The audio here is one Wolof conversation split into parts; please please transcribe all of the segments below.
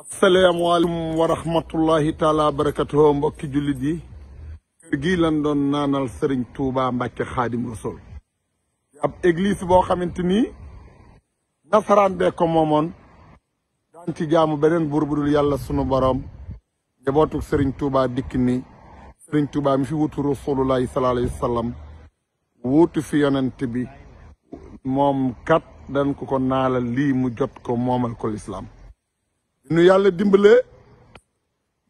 asalaamaaleykum wa rahmatullahi taala yi gii lan doon naanal sëriñ Touba Mbàkke Xaadim ab église boo xamante ni nasaraan bee ko moomoon daan ci jaamu beneen buur bu yàlla sunu boroom njabootu sëriñ Touba dikk ni sëriñ Touba mi fi wutu rasulullahi sallallahu alayhi wa fi yonent bi moom kat dañ ko ko naalal lii mu jot ko moomal ko lislaam nu yàlla dimbale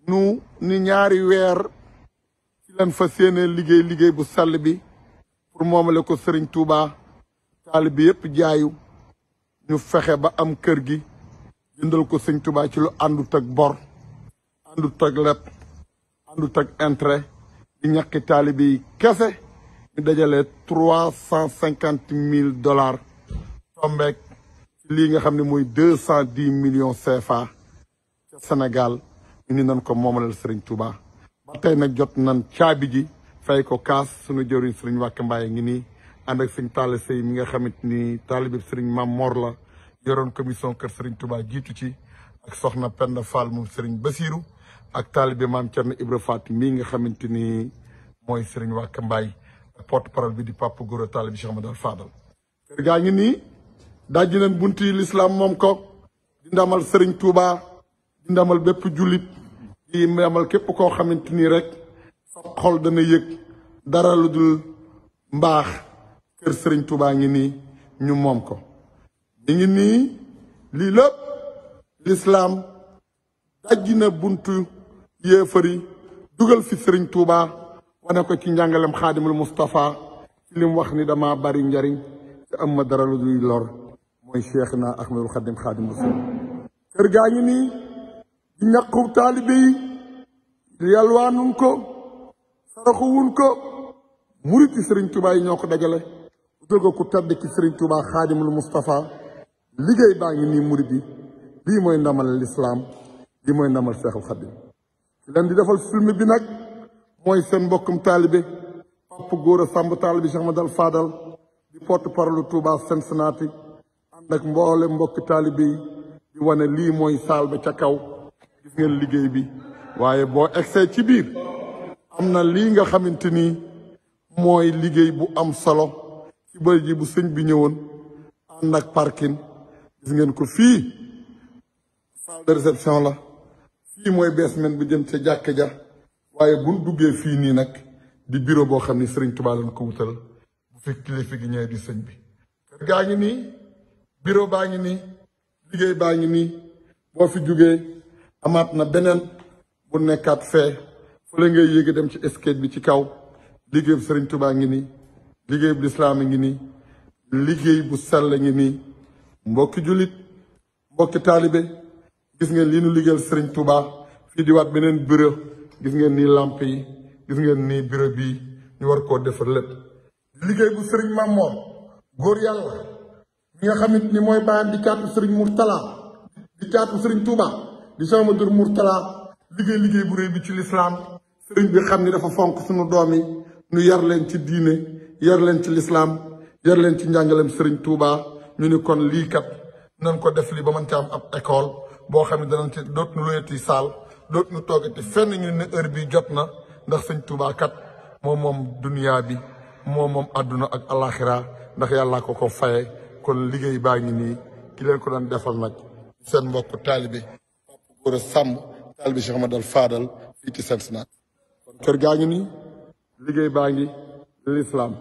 nu ni ñaari weer ci lan fa séenee liggéey liggéey bu sàll bi pour moomale ko sëriñ Touba taalibe bi yëpp jaayu ñu fexe ba am kër gi jëndal ko sëriñ Touba ci lu àndut ak bor àndut ak leb àndut ak intérêt di ñàkki taalibe yi kese ñu dajale trois cent cinquante mille dollars tombeek lii nga xam ne mooy deux cent dix millions CFA Senegal Sénégal ñu nan ko momalal serigne Touba ba tey jot nan caabi ji fay ko kaas suñu jëriñ serigne Wacké Mbaye ngi ni and ak serigne talle Sey mi nga xamit ni talib serigne Mam Mor la yoron commission keur serigne Touba jitu ci ak soxna Penda Fall moom serigne Basirou ak talib mam Thierno Ibra Faty mi nga xamit ni moy serigne Wacké Mbaye porte parole bi di Papa Gora taalibe Cheikh Amadou Fadal kër gaa ngi ni dajji nañ bunti l'islam mom ko di ndamal Touba di ndamal bépp jullit di ndamal képp koo xamante ni rek sa xol dana yëg dara lu dul mbaax kër sëriñ Touba ngi nii ñu moom ko ñu ngi nii lii lépp lislaam dajji na buntu yéefari dugal fi sëriñ Touba wane ko ci njàngalem xaadimul Moustapha ci li mu wax ni dama bari njariñ te am ma dara lu dul lor mooy Cheikhna Ahmadul Xadim xaadim rasul kër gaa ngi nii ñaqu taalibe yi yalwaanuñ ko saraxuwuñ ko murit yi sëriñ Tuubaa yi ñoo ko dajale jóge ku tedd ci sëriñ Tuubaa xaadimul Mustafa liggéey baa ngi nii murit yi lii mooy ndamal lislaam lii mooy ndamal Seexul Xaadim ci leen di defal film bi nag mooy seen mbokkum taalibe Papa Gora Samb taalibe Cheikh Madal Fadal di porte-parole Touba Cincinnati ànd ak mboole mbokki taalibe yi di wane lii mooy saal ba ca kaw gis ngeen liggéey bi waaye boo egsee ci biir am na lii nga xamante ni mooy liggéey bu am solo ci bëri bu sëñ bi ñëwoon ànd ak parkin gis ngeen ko fii salle de réception la fii mooy basement bu jëm ca jàkk ja waaye buñ duggee fii nii nag di bureau boo xam ni sëriñ Tuubaa lañ ko wutal bu fi kilifa gi ñëwee di sëñ bi kër gaa ngi nii bureau baa ngi nii liggéey baa ngi nii boo fi jógee Amat na benen bu nekkaat fee fële ngay yegge dem ci escape bi ci kaw liggéey Serigne Touba ngi ni liggéey bu lislaam ngi ni liggéey bu sall ngi ni mbokk julit mbokk talibé gis ngeen li ñu liggéeyal Serigne Touba fi di wat benen bureau gis ngeen ni lampe yi gis ngeen ni bureau bi ñu war ko defal lepp liggéey bu Serigne Mamoon gor yalla nga xamit ni moy bàyyam di Serigne Mourtala di Serigne Touba di sama tur liggéey liggéey bu réy bi ci lislaam sëriñ bi xam ni dafa fonk suñu doom yi ñu yar leen ci diine yar leen ci lislaam yar leen ci njàngaleem sëriñ Touba ñu ni kon lii kat nañ ko def lii ba mën ci am ab école boo xam ne danañ ci doot nu loyati saal doot nu toogati fenn ñu ne heure bi jot na ndax sëñ Touba kat moom moom duniyaa bi moom moom àdduna ak alaxira ndax yàllaa ko ko faye kon liggéey baa ngi nii ki leen ko doon defal nag seen mbokk taalibe war sàmm taal bi Cheikh Ahmadal Fadal fii ci Cincinnati kon kër gaa ngi nii liggéey baa ngi